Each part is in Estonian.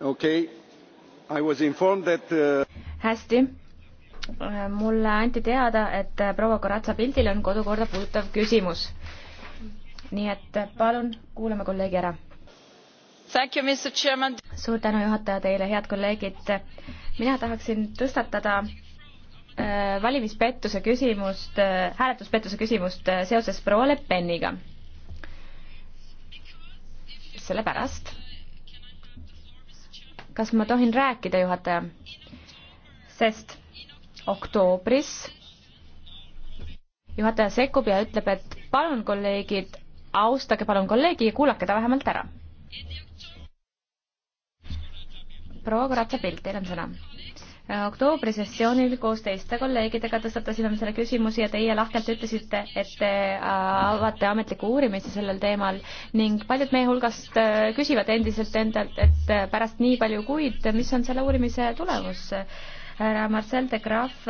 Okay. That, uh... hästi mulle anti teada et proua Corazza Pildil on kodukorda puudutav küsimus nii et palun kuulame kolleegi ära you, suur tänu juhataja teile head kolleegid mina tahaksin tõstatada äh, valimispettuse küsimust äh, hääletuspettuse küsimust äh, seoses proua Le Peniga sellepärast kas ma tohin rääkida, juhataja? sest oktoobris juhataja sekkub ja ütleb, et palun, kolleegid, austage palun kolleegi ja kuulake ta vähemalt ära. proua Karatsa-Pilt, teil on sõna oktoobri sessioonil koos teiste kolleegidega tõstatasime selle küsimusi ja teie lahkelt ütlesite, et te äh, avate ametliku uurimise sellel teemal ning paljud meie hulgast äh, küsivad endiselt endalt, et äh, pärast nii palju kuid, mis on selle uurimise tulemus härra Marcel de Graaf,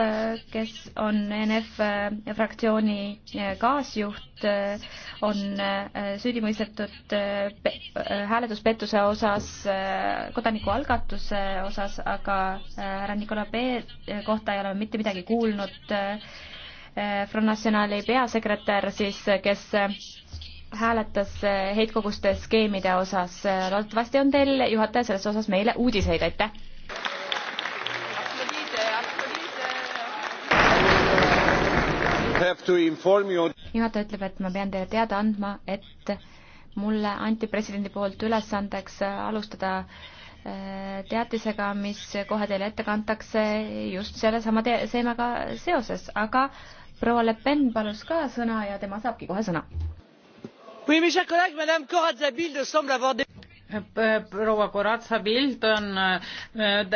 kes on NF fraktsiooni kaasjuht, on süüdi mõistetud hääletuspettuse osas, kodanikualgatuse osas, aga härra Nicolas B kohta ei ole mitte midagi kuulnud. Front Nationali peasekretär siis, kes hääletas heitkoguste skeemide osas. loodetavasti on teil juhataja selles osas meile uudiseid, aitäh! juhataja ütleb, et ma pean teile teada andma, et mulle anti presidendi poolt ülesandeks alustada äh, teatisega, mis kohe teile ette kantakse just sellesama teemaga seoses, aga proua Le Pen palus ka sõna ja tema saabki kohe sõna proua Koratsa pilt on äh, äh,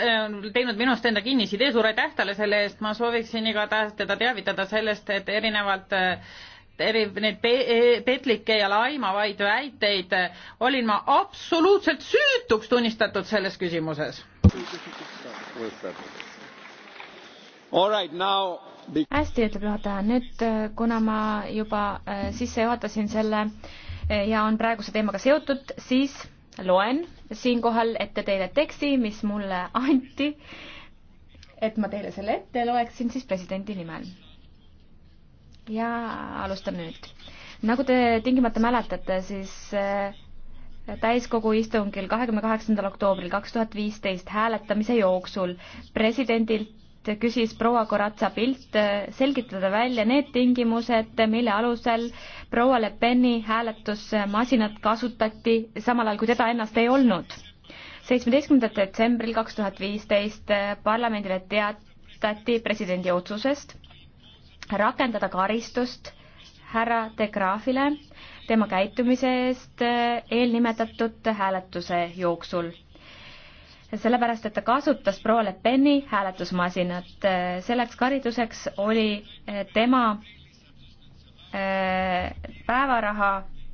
teinud minust enda kinnisidee, suur aitäh talle selle eest, ma sooviksin igatahes teda teavitada sellest, et erinevalt äh, eri, neid pe-, e-, petlikke ja laimavaid väiteid olin ma absoluutselt süütuks tunnistatud selles küsimuses. Right, now... hästi, ütleb juhataja, nüüd kuna ma juba sisse juhatasin selle ja on praeguse teemaga seotud, siis loen siinkohal ette teile teksti, mis mulle anti, et ma teile selle ette loeksin siis presidendi nimel. ja alustame nüüd. nagu te tingimata mäletate, siis äh, täiskogu istungil kahekümne kaheksandal oktoobril kaks tuhat viisteist hääletamise jooksul presidendilt küsis proua Corazza Pilt selgitada välja need tingimused, mille alusel proua Le Peni hääletusmasinat kasutati, samal ajal kui teda ennast ei olnud. seitsmeteistkümnendal detsembril kaks tuhat viisteist parlamendile teatati presidendi otsusest rakendada karistust härra de Graafile tema käitumise eest eelnimetatud hääletuse jooksul sellepärast et ta kasutas proua Le Peni hääletusmasinat. selleks kariduseks oli eh, tema eh, päevaraha,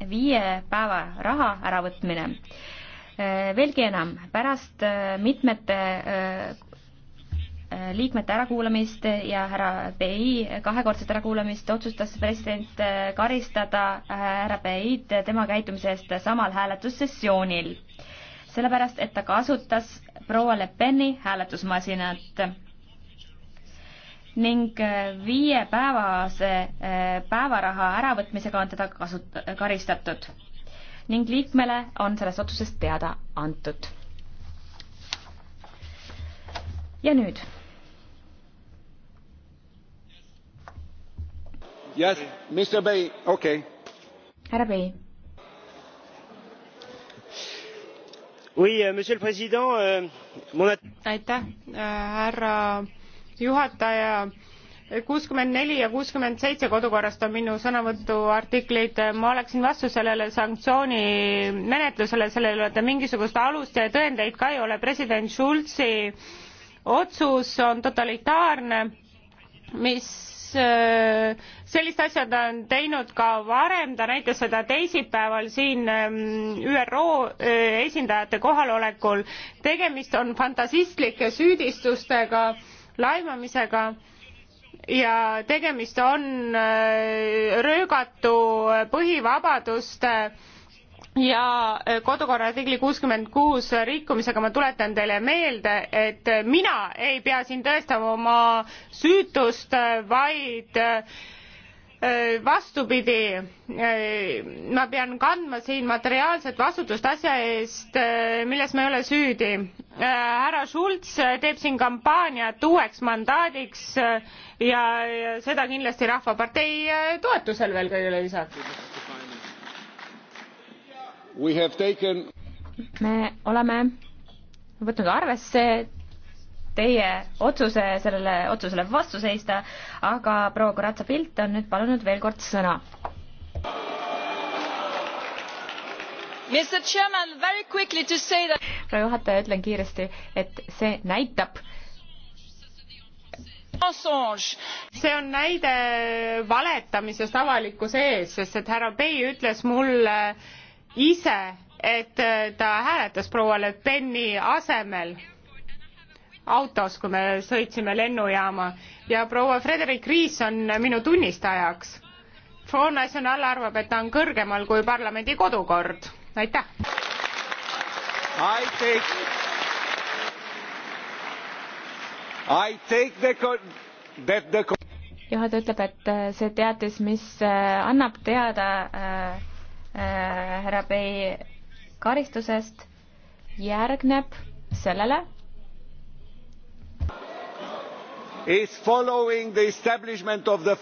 viie päeva raha äravõtmine. Eh, veelgi enam, pärast mitmete liikmete ärakuulamist ja härra BI kahekordset ärakuulamist otsustas president karistada härra BI-d tema käitumise eest samal hääletussessioonil sellepärast et ta kasutas proua Le Peni hääletusmasinat ning äh, viie päevase äh, päevaraha äravõtmisega on teda kasut-, karistatud ning liikmele on sellest otsusest teada antud. ja nüüd yes,. härra Bey okay.. Euh, euh, aitäh äh, härra juhataja kuuskümmend neli ja kuuskümmend seitse kodukorrast on minu sõnavõtu artiklid ma oleksin vastu sellele sanktsioonimenetlusele sellel ei ole mingisugust alust ja tõendeid ka ei ole president schulzi otsus on totalitaarne mis Äh, sellist asja ta on teinud ka varem, ta näitas seda teisipäeval siin ähm, ÜRO äh, esindajate kohalolekul. tegemist on fantasistlike süüdistustega, laimamisega ja tegemist on äh, röögatu põhivabaduste ja äh, kodukorra artikli kuuskümmend kuus rikkumisega ma tuletan teile meelde et mina ei pea siin tõestama oma süütust äh, vaid äh, vastupidi ma pean kandma siin materiaalset vastutust asja eest milles ma ei ole süüdi härra schulz teeb siin kampaaniat uueks mandaadiks ja seda kindlasti rahvapartei toetusel veel kõigele lisaks Taken... me oleme võtnud arvesse teie otsuse sellele otsusele vastu seista, aga proua Kuratsa Pilt on nüüd palunud veel kord sõna. proua juhataja, ütlen kiiresti, et see näitab, see on näide valetamisest avalikkuse ees, sest et härra Bey ütles mulle ise, et äh, ta hääletas proua Le Peni asemel autos, kui me sõitsime lennujaama ja proua Frederik Riis on minu tunnistajaks. Front National arvab, et ta on kõrgemal kui parlamendi kodukord. aitäh. I take, I take the, that the juhataja ütleb, et äh, see teatis, mis äh, annab teada äh, Äh, härra Bey karistusest järgneb sellele. Is following the establishment of the